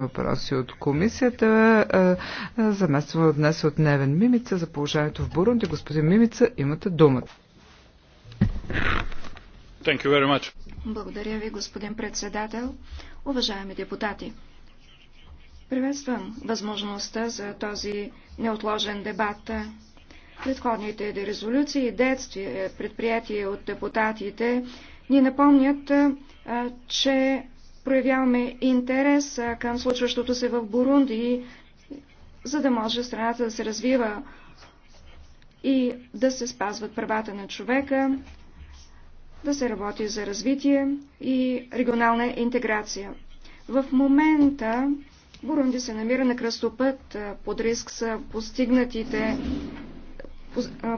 въпроси от комисията. Замества днес от Невен Мимица за положението в Бурунди. Господин Мимица, имате думата. Thank you very much. Благодаря ви, господин председател. Уважаеми депутати, приветствам възможността за този неотложен дебат. Предходните резолюции и действия, предприятия от депутатите, ни напомнят, че проявяваме интерес към случващото се в Бурунди, за да може страната да се развива и да се спазват правата на човека, да се работи за развитие и регионална интеграция. В момента Бурунди се намира на кръстопът. Под риск са постигнатите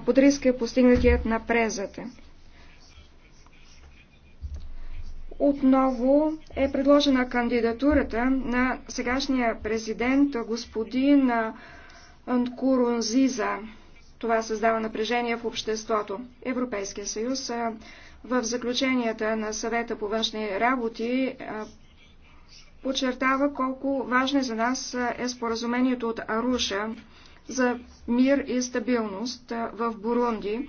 под риск е постигнатият на презата. отново е предложена кандидатурата на сегашния президент господин Анкурунзиза. Това създава напрежение в обществото. Европейския съюз в заключенията на съвета по външни работи подчертава колко важно е за нас е споразумението от Аруша за мир и стабилност в Бурунди,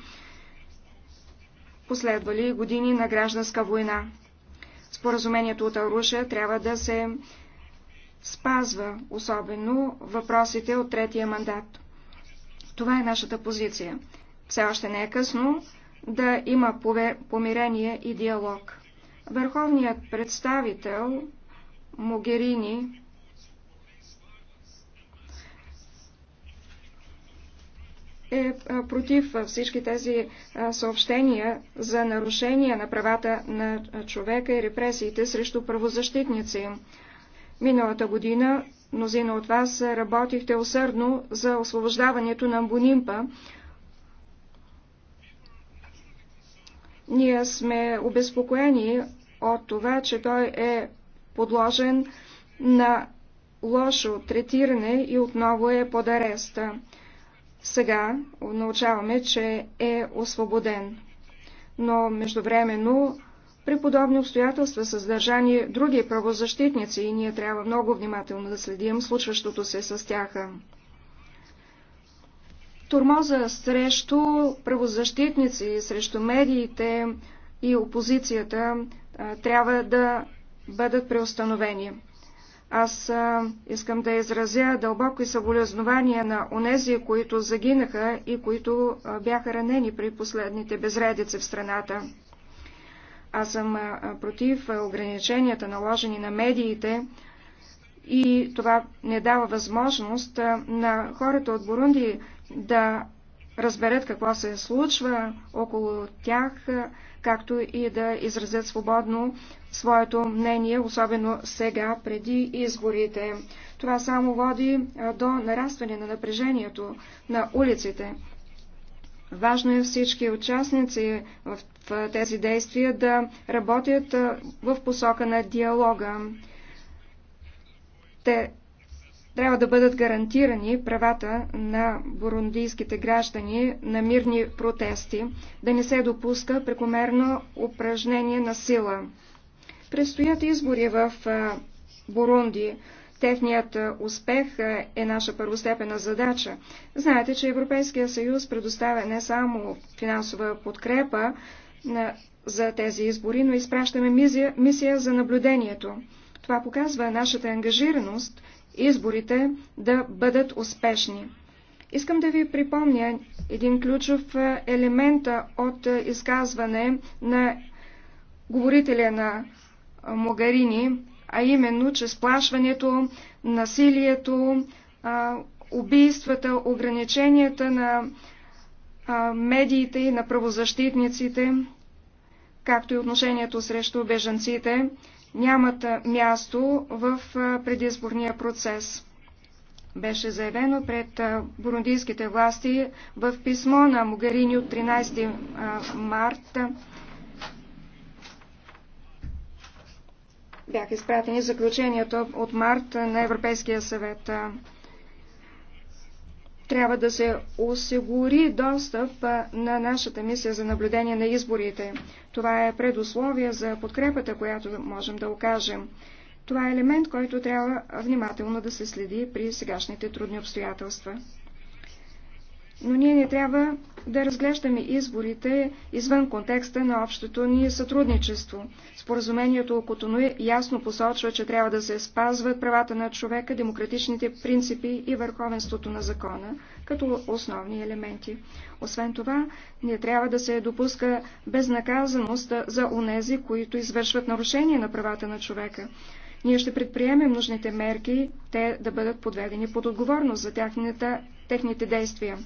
последвали години на гражданска война. Споразумението от Аруша трябва да се спазва, особено въпросите от третия мандат. Това е нашата позиция. Все още не е късно да има помирение и диалог. Върховният представител Могерини е против всички тези съобщения за нарушения на правата на човека и репресиите срещу правозащитници. Миналата година мнозина от вас работихте усърдно за освобождаването на Бонимпа. Ние сме обезпокоени от това, че той е подложен на лошо третиране и отново е под ареста. Сега научаваме, че е освободен. Но междувременно при подобни обстоятелства са задържани други правозащитници и ние трябва много внимателно да следим случващото се с тях. Турмоза срещу правозащитници, срещу медиите и опозицията трябва да бъдат преустановени. Аз а, искам да изразя дълбоко и съболезнование на онези, които загинаха и които а, бяха ранени при последните безредици в страната. Аз съм а, против ограниченията, наложени на медиите, и това не дава възможност на хората от Бурунди да разберат какво се случва около тях, както и да изразят свободно своето мнение, особено сега, преди изборите. Това само води до нарастване на напрежението на улиците. Важно е всички участници в тези действия да работят в посока на диалога. Те трябва да бъдат гарантирани правата на бурундийските граждани на мирни протести, да не се допуска прекомерно упражнение на сила. Предстоят избори в Бурунди. Техният успех е наша първостепена задача. Знаете, че Европейския съюз предоставя не само финансова подкрепа на, за тези избори, но изпращаме мисия, мисия за наблюдението. Това показва нашата ангажираност изборите да бъдат успешни. Искам да ви припомня един ключов е, елемент от изказване на говорителя на е, Могарини, а именно, че сплашването, насилието, е, убийствата, ограниченията на медиите и на правозащитниците, както и отношението срещу беженците нямат място в предизборния процес. Беше заявено пред бурундийските власти в писмо на Могарини от 13 марта. Бяха изпратени заключението от март на Европейския съвет. Трябва да се осигури достъп на нашата мисия за наблюдение на изборите. Това е предусловие за подкрепата, която можем да окажем. Това е елемент, който трябва внимателно да се следи при сегашните трудни обстоятелства но ние не трябва да разглеждаме изборите извън контекста на общото ни сътрудничество. Споразумението о Котону ясно посочва, че трябва да се спазват правата на човека, демократичните принципи и върховенството на закона като основни елементи. Освен това, не трябва да се допуска безнаказаност за онези, които извършват нарушение на правата на човека. Ние ще предприемем нужните мерки, те да бъдат подведени под отговорност за техните действия.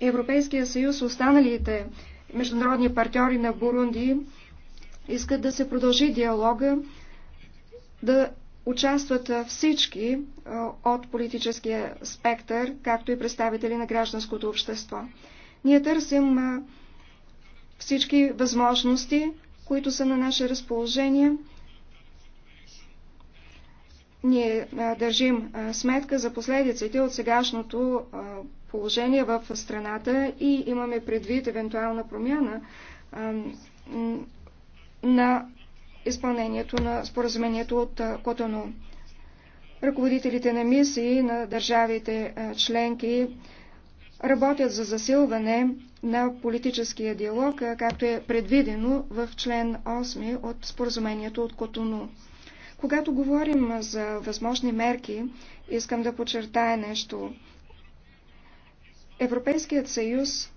Европейския съюз, останалите международни партньори на Бурунди искат да се продължи диалога, да участват всички от политическия спектър, както и представители на гражданското общество. Ние търсим всички възможности, които са на наше разположение, ние държим сметка за последиците от сегашното положение в страната и имаме предвид евентуална промяна на изпълнението на споразумението от Котоно. Ръководителите на мисии на държавите членки работят за засилване на политическия диалог, както е предвидено в член 8 от споразумението от Котону. Когато говорим за възможни мерки, искам да подчертая нещо. Европейският съюз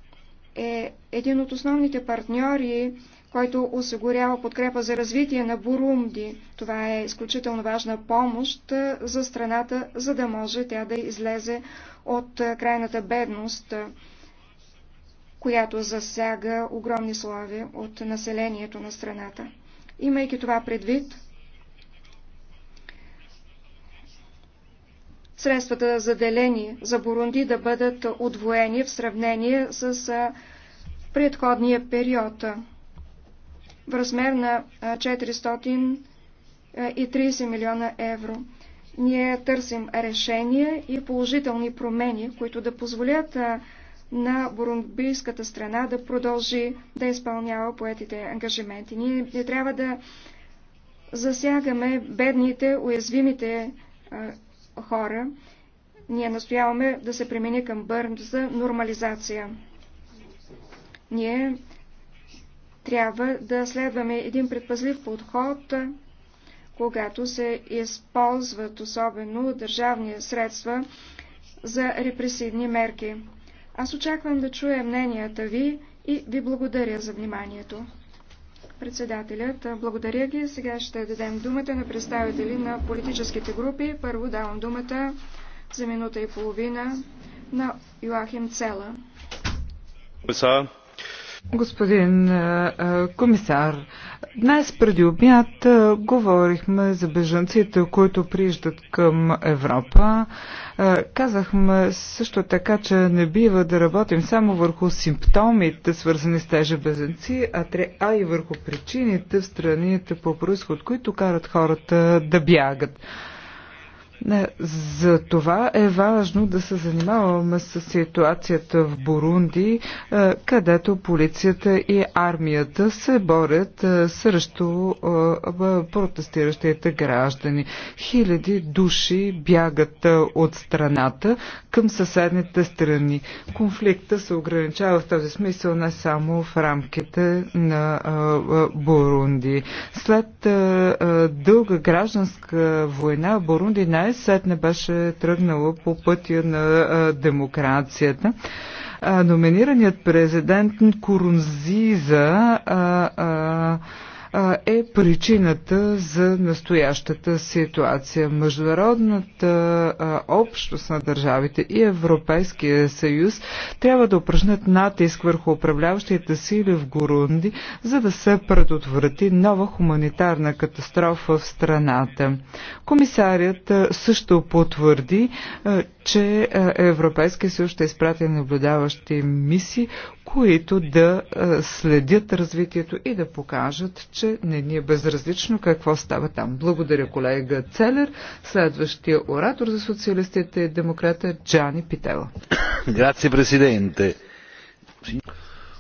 е един от основните партньори, който осигурява подкрепа за развитие на Бурунди. Това е изключително важна помощ за страната, за да може тя да излезе от крайната бедност, която засяга огромни слави от населението на страната. Имайки това предвид, средствата заделени за Бурунди да бъдат отвоени в сравнение с предходния период в размер на 430 милиона евро. Ние търсим решения и положителни промени, които да позволят на бурунбийската страна да продължи да изпълнява поетите ангажименти. Ние не трябва да засягаме бедните, уязвимите хора. Ние настояваме да се премени към Бърн за нормализация. Ние трябва да следваме един предпазлив подход, когато се използват особено държавни средства за репресивни мерки. Аз очаквам да чуя мненията ви и ви благодаря за вниманието. Председателят, благодаря ги. Сега ще дадем думата на представители на политическите групи. Първо давам думата за минута и половина на Йоахим Цела. Господин комисар, Днес преди обяд говорихме за бежанците, които прииждат към Европа. Казахме също така, че не бива да работим само върху симптомите, свързани с тези бежанци, а, а и върху причините в страните по происход, които карат хората да бягат. Не, за това е важно да се занимаваме с ситуацията в Бурунди, е, където полицията и армията се борят е, срещу е, протестиращите граждани. Хиляди души бягат от страната към съседните страни. Конфликта се ограничава в този смисъл не само в рамките на Бурунди. След дълга гражданска война Бурунди най най-сетне беше тръгнала по пътя на демокрацията. номинираният президент Курунзиза е причината за настоящата ситуация. Международната общност на държавите и Европейския съюз трябва да упражнят натиск върху управляващите сили в Горунди, за да се предотврати нова хуманитарна катастрофа в страната. Комисарият също потвърди, че Европейския съюз ще изпрати наблюдаващи мисии, които да следят развитието и да покажат, че не ни е безразлично какво става там. Благодаря колега Целер. Следващия оратор за социалистите и демократа Джани Питела. Грация, президенте.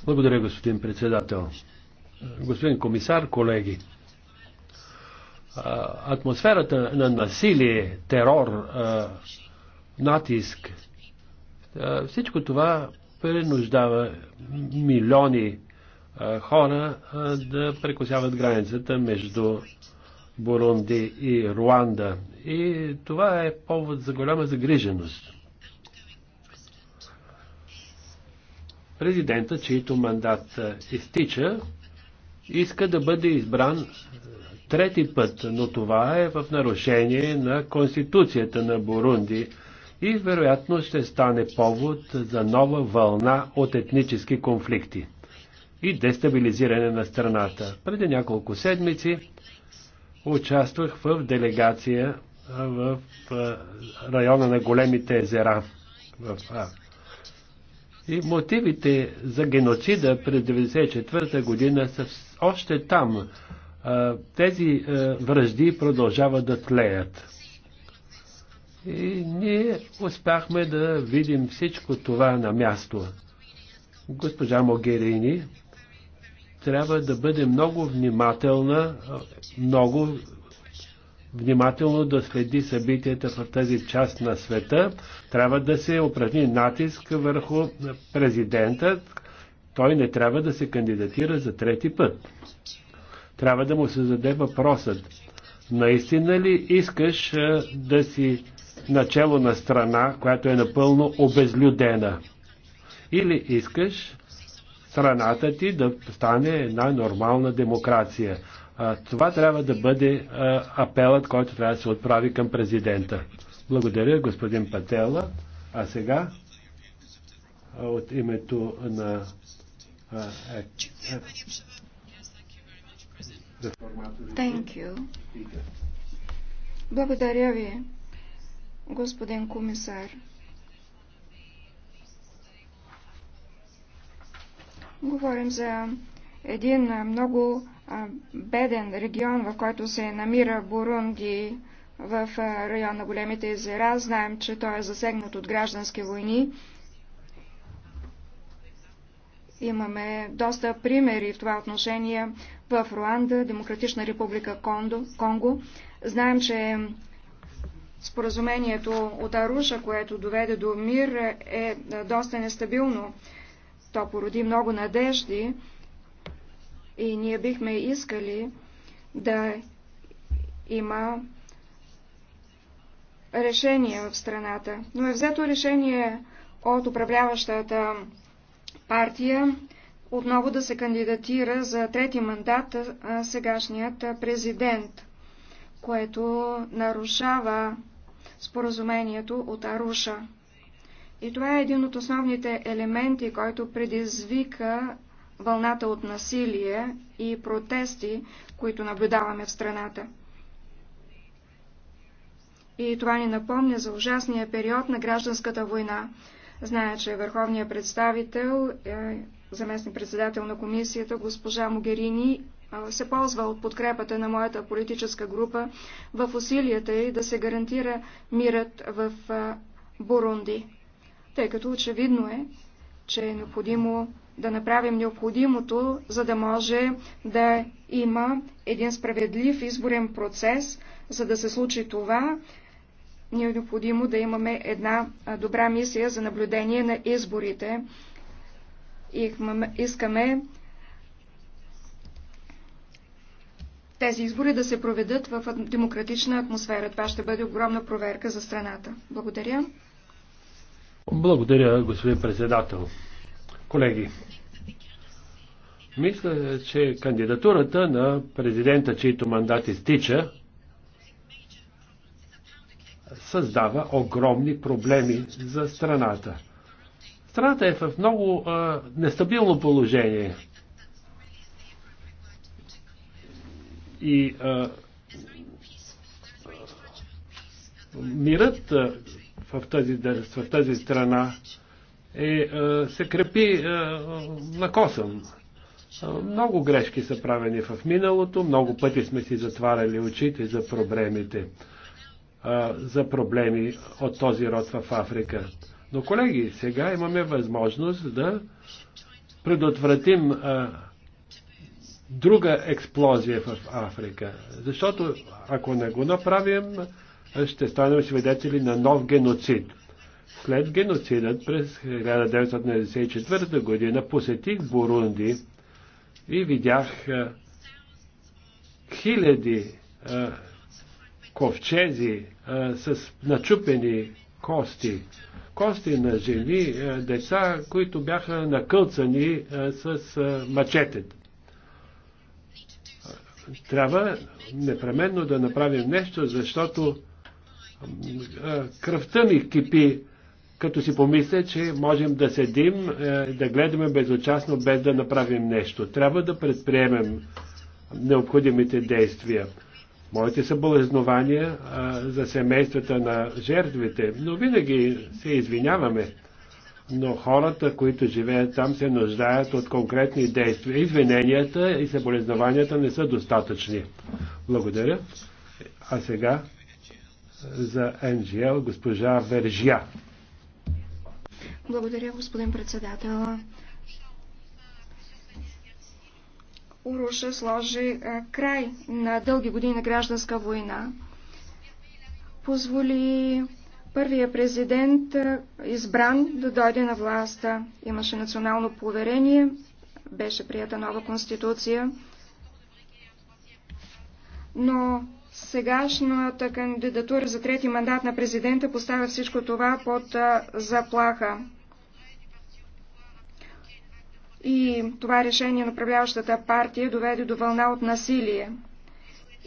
Благодаря, господин председател. Господин комисар, колеги, атмосферата на насилие, терор, натиск, всичко това принуждава милиони а, хора а, да прекусяват границата между Бурунди и Руанда. И това е повод за голяма загриженост. Президента, чийто мандат изтича, иска да бъде избран трети път, но това е в нарушение на Конституцията на Бурунди и вероятно ще стане повод за нова вълна от етнически конфликти и дестабилизиране на страната. Преди няколко седмици участвах в делегация в района на големите езера в и мотивите за геноцида през 1994 година са още там. Тези връжди продължават да тлеят. И ние успяхме да видим всичко това на място. Госпожа Могерини трябва да бъде много внимателна, много внимателно да следи събитията в тази част на света. Трябва да се упражни натиск върху президента. Той не трябва да се кандидатира за трети път. Трябва да му се зададе въпросът. Наистина ли искаш да си начало на страна, която е напълно обезлюдена. Или искаш страната ти да стане една нормална демокрация. А, това трябва да бъде а, апелът, който трябва да се отправи към президента. Благодаря, господин Пателла. А сега а, от името на а, е, е, Thank you. Благодаря ви господин комисар. Говорим за един много беден регион, в който се намира Бурунди в район на големите езера. Знаем, че той е засегнат от граждански войни. Имаме доста примери в това отношение в Руанда, Демократична република Конго. Знаем, че Споразумението от Аруша, което доведе до мир, е, е доста нестабилно. То породи много надежди и ние бихме искали да има решение в страната. Но е взето решение от управляващата партия отново да се кандидатира за трети мандат сегашният президент, което нарушава споразумението от Аруша. И това е един от основните елементи, който предизвика вълната от насилие и протести, които наблюдаваме в страната. И това ни напомня за ужасния период на гражданската война. Зная, че върховният представител, е заместник председател на комисията, госпожа Могерини се ползва от подкрепата на моята политическа група в усилията и да се гарантира мирът в Бурунди, тъй като очевидно е, че е необходимо да направим необходимото, за да може да има един справедлив изборен процес, за да се случи това, ни е необходимо да имаме една добра мисия за наблюдение на изборите. И искаме тези избори да се проведат в демократична атмосфера. Това ще бъде огромна проверка за страната. Благодаря. Благодаря, господин председател. Колеги, мисля, че кандидатурата на президента, чийто мандат изтича, създава огромни проблеми за страната. Страната е в много а, нестабилно положение. И а, мирът в тази, в тази страна е, се крепи а, на косъм. Много грешки са правени в миналото, много пъти сме си затваряли очите за проблемите, за проблеми от този род в Африка. Но, колеги, сега имаме възможност да предотвратим друга експлозия в Африка. Защото ако не го направим, ще станем свидетели на нов геноцид. След геноцидът през 1994 година посетих Бурунди и видях е, хиляди е, ковчези е, с начупени кости. Кости на жени, деца, които бяха накълцани с мачетет трябва непременно да направим нещо, защото кръвта ми кипи, като си помисля, че можем да седим, да гледаме безучастно, без да направим нещо. Трябва да предприемем необходимите действия. Моите съболезнования за семействата на жертвите, но винаги се извиняваме но хората, които живеят там, се нуждаят от конкретни действия. Извиненията и съболезнованията не са достатъчни. Благодаря. А сега за НГЛ госпожа Вержия. Благодаря, господин председател. Уруша сложи е, край на дълги години на гражданска война. Позволи първия президент, избран да дойде на властта. Имаше национално поверение, беше прията нова конституция, но сегашната кандидатура за трети мандат на президента поставя всичко това под заплаха. И това решение на управляващата партия доведе до вълна от насилие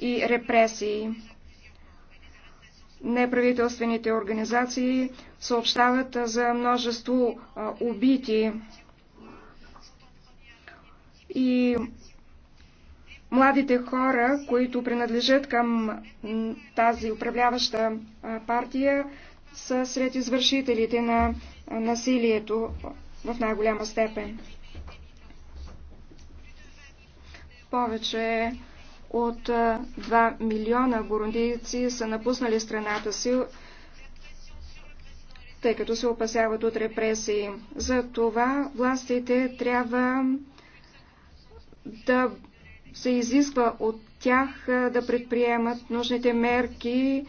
и репресии. Неправителствените организации съобщават за множество убити и младите хора, които принадлежат към тази управляваща партия, са сред извършителите на насилието в най-голяма степен. Повече от 2 милиона бурундийци са напуснали страната си, тъй като се опасяват от репресии. За това властите трябва да се изисква от тях да предприемат нужните мерки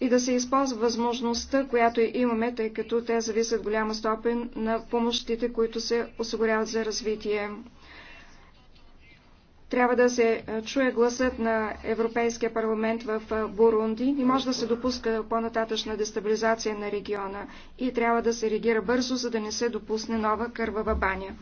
и да се използва възможността, която имаме, тъй като те зависят голяма стопен на помощите, които се осигуряват за развитие. Трябва да се е, чуе гласът на Европейския парламент в е, Бурунди. Не може да се допуска по-нататъчна дестабилизация на региона и трябва да се реагира бързо, за да не се допусне нова кървава баня.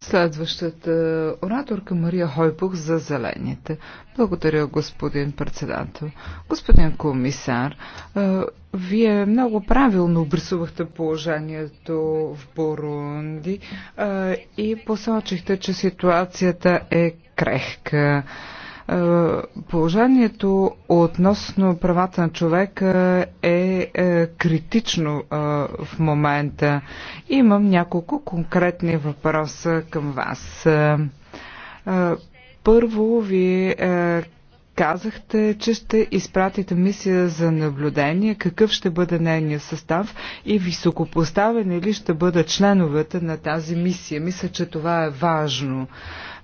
Следващата е, ораторка Мария Хойбух за зелените. Благодаря, господин председател. Господин комисар, е, вие много правилно обрисувахте положението в Бурунди е, и посочихте, че ситуацията е крехка. Е, положението относно правата на човека е, е критично е, в момента. Имам няколко конкретни въпроса към вас. Първо ви казахте, че ще изпратите мисия за наблюдение, какъв ще бъде нейният състав и високопоставени ли ще бъдат членовете на тази мисия. Мисля, че това е важно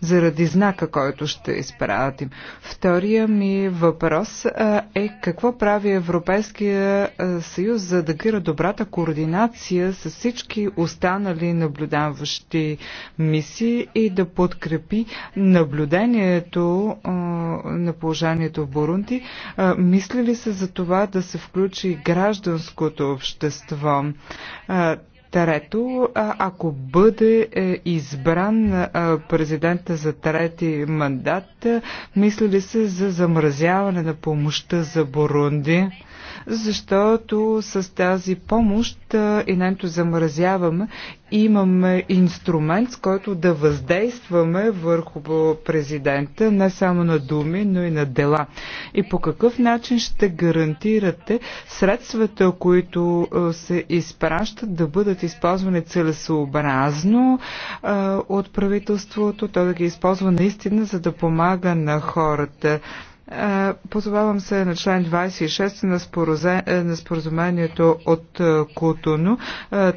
заради знака, който ще изпратим. Втория ми въпрос е какво прави Европейския съюз за да гира добрата координация с всички останали наблюдаващи мисии и да подкрепи наблюдението на положението в Бурунди. Мисли ли се за това да се включи гражданското общество? Трето, ако бъде е, избран президента за трети мандат, мисли ли се за замразяване на помощта за Бурунди? защото с тази помощ и нето замразяваме имаме инструмент, с който да въздействаме върху президента, не само на думи, но и на дела. И по какъв начин ще гарантирате средствата, които се изпращат, да бъдат използвани целесообразно от правителството, то да ги използва наистина, за да помага на хората. Позовавам се на член 26 е, на споразумението от е, Кутуно.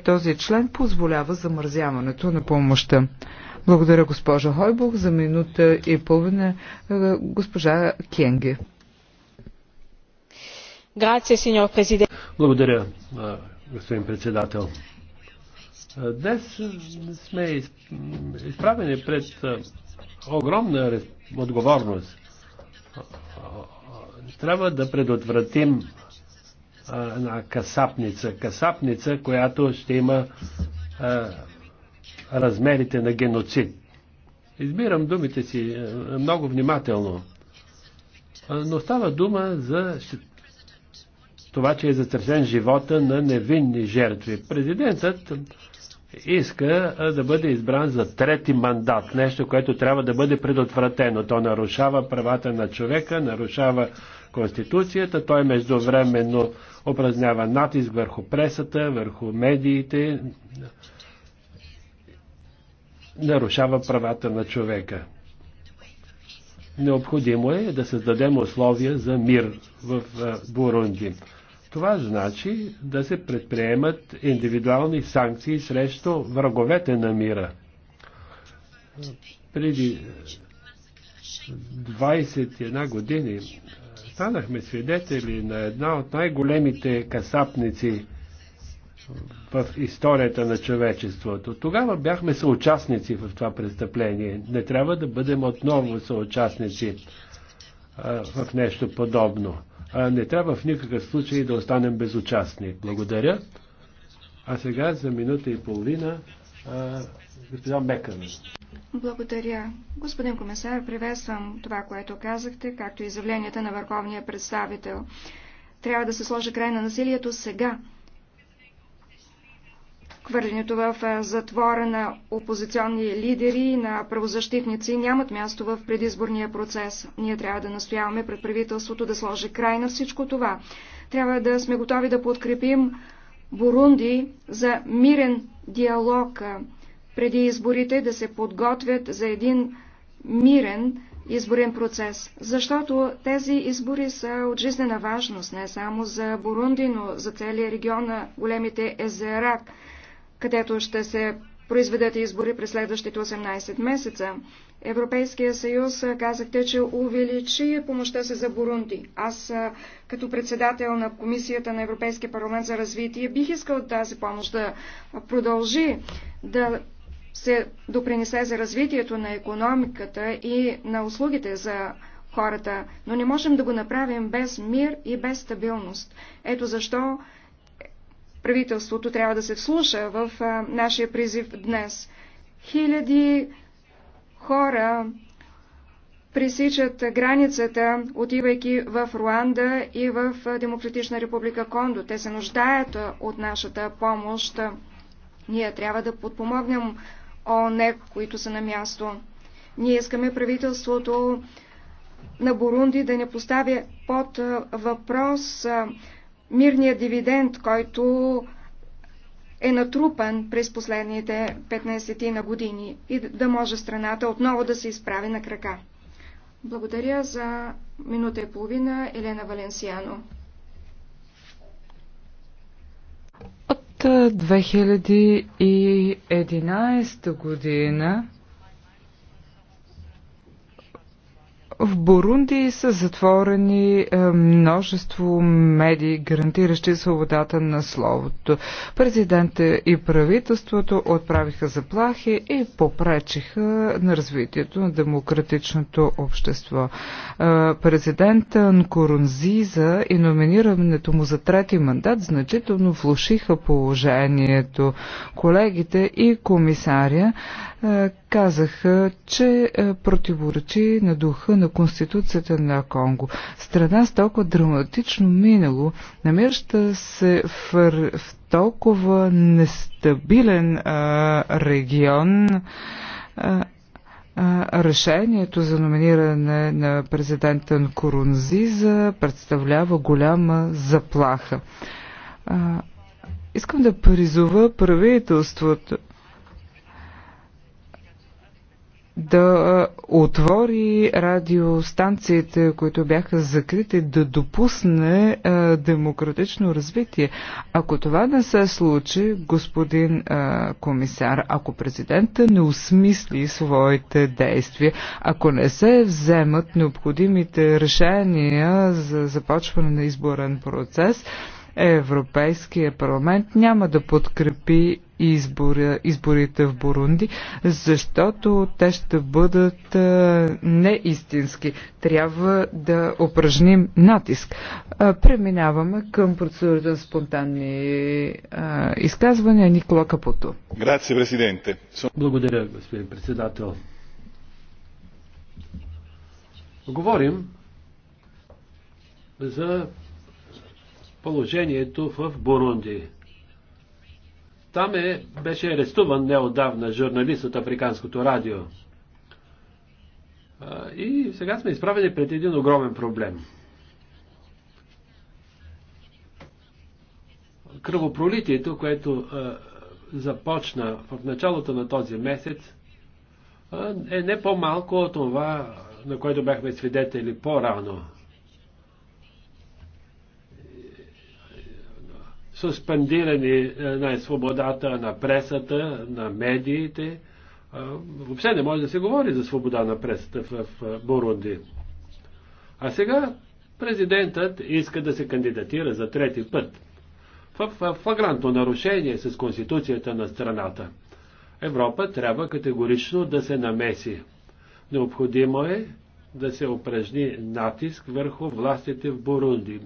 Този член позволява замързяването на помощта. Благодаря госпожа Хойбух за минута и половина е, госпожа Кенге. Благодаря, господин председател. Днес сме изправени пред огромна отговорност трябва да предотвратим а, една касапница. Касапница, която ще има а, размерите на геноцид. Избирам думите си много внимателно. Но става дума за това, че е застрашен живота на невинни жертви. Президентът иска да бъде избран за трети мандат. Нещо, което трябва да бъде предотвратено. То нарушава правата на човека, нарушава Конституцията. Той междувременно упражнява натиск върху пресата, върху медиите, нарушава правата на човека. Необходимо е да създадем условия за мир в Бурунди. Това значи да се предприемат индивидуални санкции срещу враговете на мира. Преди 21 години станахме свидетели на една от най-големите касапници в историята на човечеството. Тогава бяхме съучастници в това престъпление. Не трябва да бъдем отново съучастници а, в нещо подобно не трябва в никакъв случай да останем безучастни. Благодаря. А сега за минута и половина господин Мекан. Благодаря. Господин комисар, приветствам това, което казахте, както и изявленията на върховния представител. Трябва да се сложи край на насилието сега. Хвърлянето в затвора на опозиционни лидери и на правозащитници нямат място в предизборния процес. Ние трябва да настояваме пред правителството да сложи край на всичко това. Трябва да сме готови да подкрепим Бурунди за мирен диалог преди изборите да се подготвят за един мирен изборен процес, защото тези избори са от жизнена важност не само за Бурунди, но за целия регион на големите езера, където ще се произведат избори през следващите 18 месеца. Европейския съюз казахте, че увеличи помощта се за Бурунди. Аз като председател на Комисията на Европейския парламент за развитие бих искал тази помощ да продължи да се допринесе за развитието на економиката и на услугите за хората, но не можем да го направим без мир и без стабилност. Ето защо Правителството трябва да се вслуша в нашия призив днес. Хиляди хора пресичат границата, отивайки в Руанда и в Демократична република Кондо. Те се нуждаят от нашата помощ. Ние трябва да подпомогнем ООН, които са на място. Ние искаме правителството на Бурунди да не поставя под въпрос мирния дивиденд, който е натрупан през последните 15 на години и да може страната отново да се изправи на крака. Благодаря за минута и половина, Елена Валенсиано. От 2011 е, година В Бурунди са затворени е, множество медии, гарантиращи свободата на словото. Президента и правителството отправиха заплахи и попречиха на развитието на демократичното общество. Е, Президента Нкорунзиза и номинирането му за трети мандат значително влушиха положението. Колегите и комисаря е, казаха, че е, противоречи на духа на Конституцията на Конго. Страна с толкова драматично минало, намираща се в, в толкова нестабилен а, е, регион, а, решението за номиниране на президента на Корунзиза представлява голяма заплаха. искам да призова правителството да отвори радиостанциите, които бяха закрити, да допусне а, демократично развитие. Ако това не се случи, господин а, комисар, ако президента не осмисли своите действия, ако не се вземат необходимите решения за започване на изборен процес, Европейския парламент няма да подкрепи избора, изборите в Бурунди, защото те ще бъдат а, неистински. Трябва да упражним натиск. А, преминаваме към процедурата на спонтанни а, изказвания. Никола Капуто. Благодаря, господин председател. Говорим за положението в Бурунди. Там е, беше арестуван неодавна журналист от Африканското радио. И сега сме изправени пред един огромен проблем. Кръвопролитието, което започна в началото на този месец, е не по-малко от това, на което бяхме свидетели по-рано. суспендирани е, на свободата на пресата, на медиите. Е, въобще не може да се говори за свобода на пресата в Бурунди. А сега президентът иска да се кандидатира за трети път. В флагрантно нарушение с конституцията на страната. Европа трябва категорично да се намеси. Необходимо е да се упражни натиск върху властите в Бурунди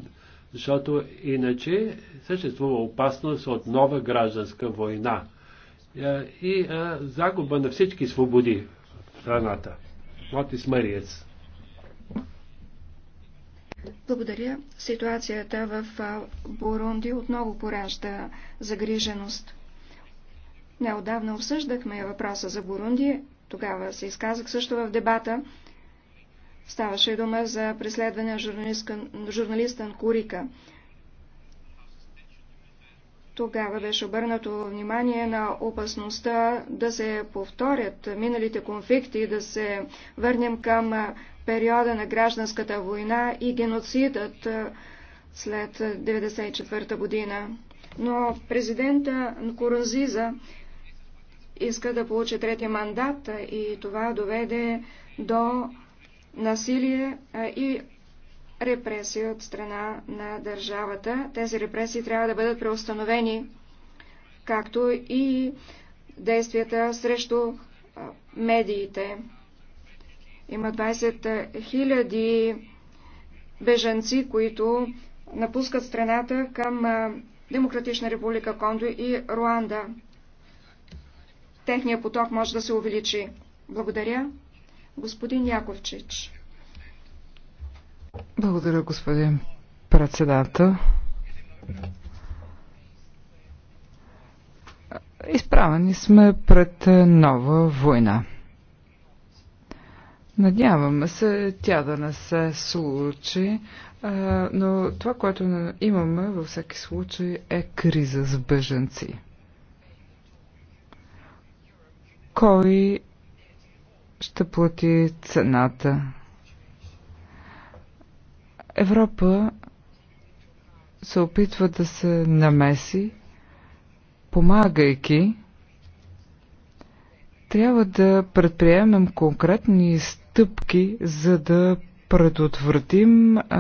защото иначе съществува опасност от нова гражданска война е, и е, загуба на всички свободи в страната. Матис Мариец. Благодаря. Ситуацията в е, Бурунди отново поражда загриженост. Неодавна обсъждахме въпроса за Бурунди. Тогава се изказах също в дебата. Ставаше дума за преследване на журналиста, Курика. Тогава беше обърнато внимание на опасността да се повторят миналите конфликти, да се върнем към периода на гражданската война и геноцидът след 1994 година. Но президента Корунзиза иска да получи трети мандат и това доведе до насилие и репресия от страна на държавата. Тези репресии трябва да бъдат преустановени, както и действията срещу медиите. Има 20 000 беженци, които напускат страната към Демократична република Кондо и Руанда. Техният поток може да се увеличи. Благодаря господин Яковчич. Благодаря, господин председател. Изправени сме пред нова война. Надяваме се тя да не се случи, но това, което имаме във всеки случай е криза с беженци. Кой ще плати цената. Европа се опитва да се намеси, помагайки. Трябва да предприемем конкретни стъпки, за да предотвратим а,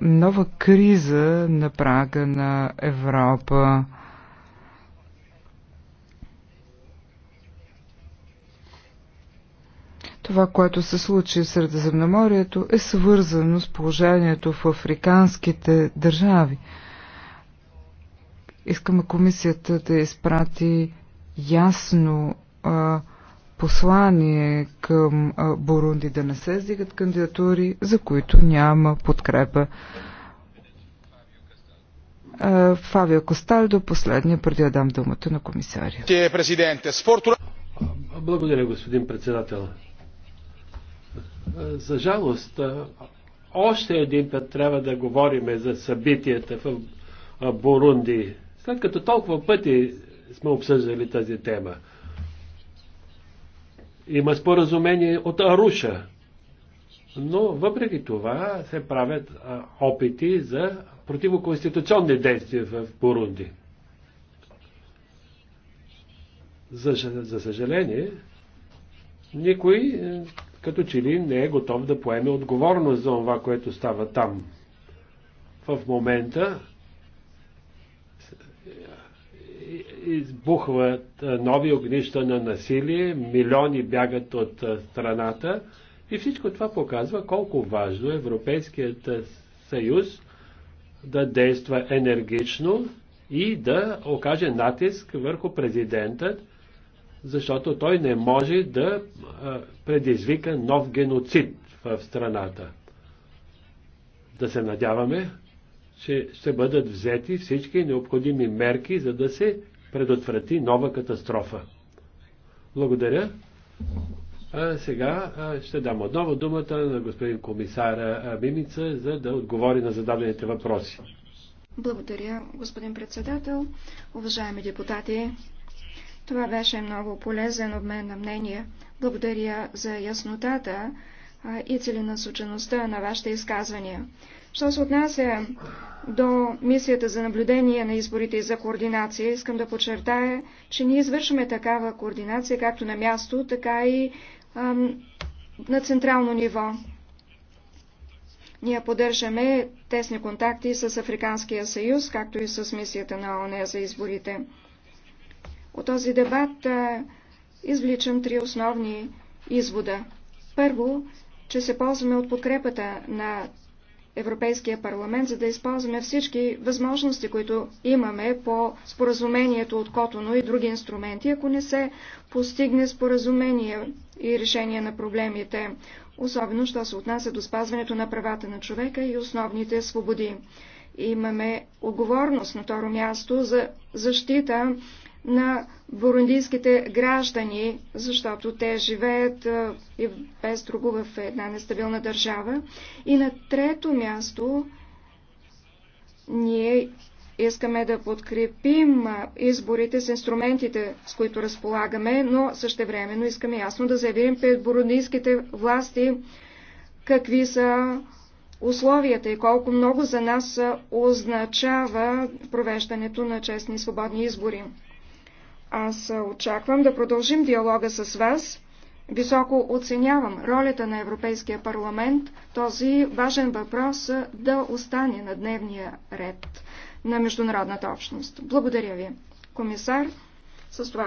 нова криза на прага на Европа. Това, което се случи в Средиземноморието, е свързано с положението в африканските държави. Искаме комисията да изпрати ясно а, послание към а, Бурунди да не се издигат кандидатури, за които няма подкрепа. Фавио Костальдо, последния, преди да дам думата на комисаря. Е, Благодаря, господин председател. За жалост, още един път трябва да говорим за събитията в Бурунди, след като толкова пъти сме обсъждали тази тема. Има споразумение от Аруша, но въпреки това се правят опити за противоконституционни действия в Бурунди. За, за съжаление, никой като че ли не е готов да поеме отговорност за това, което става там. В момента избухват нови огнища на насилие, милиони бягат от страната и всичко това показва колко важно е Европейският съюз да действа енергично и да окаже натиск върху президентът защото той не може да предизвика нов геноцид в страната. Да се надяваме, че ще бъдат взети всички необходими мерки, за да се предотврати нова катастрофа. Благодаря. А сега ще дам отново думата на господин комисар Мимица, за да отговори на зададените въпроси. Благодаря, господин председател. Уважаеми депутати, това беше много полезен обмен на мнения. Благодаря за яснотата и целенасочеността на вашите изказвания. Що се отнася до мисията за наблюдение на изборите и за координация, искам да подчертая, че ние извършваме такава координация както на място, така и ам, на централно ниво. Ние поддържаме тесни контакти с Африканския съюз, както и с мисията на ОНЕ за изборите. От този дебат а, извличам три основни извода. Първо, че се ползваме от подкрепата на Европейския парламент, за да използваме всички възможности, които имаме по споразумението от Котоно и други инструменти, ако не се постигне споразумение и решение на проблемите, особено що се отнася до спазването на правата на човека и основните свободи. Имаме отговорност на второ място за защита на бурундийските граждани, защото те живеят и без друго в една нестабилна държава. И на трето място ние искаме да подкрепим изборите с инструментите, с които разполагаме, но същевременно искаме ясно да заявим пред бурундийските власти какви са условията и колко много за нас означава провеждането на честни и свободни избори. Аз очаквам да продължим диалога с вас. Високо оценявам ролята на Европейския парламент този важен въпрос да остане на дневния ред на международната общност. Благодаря ви, комисар. С това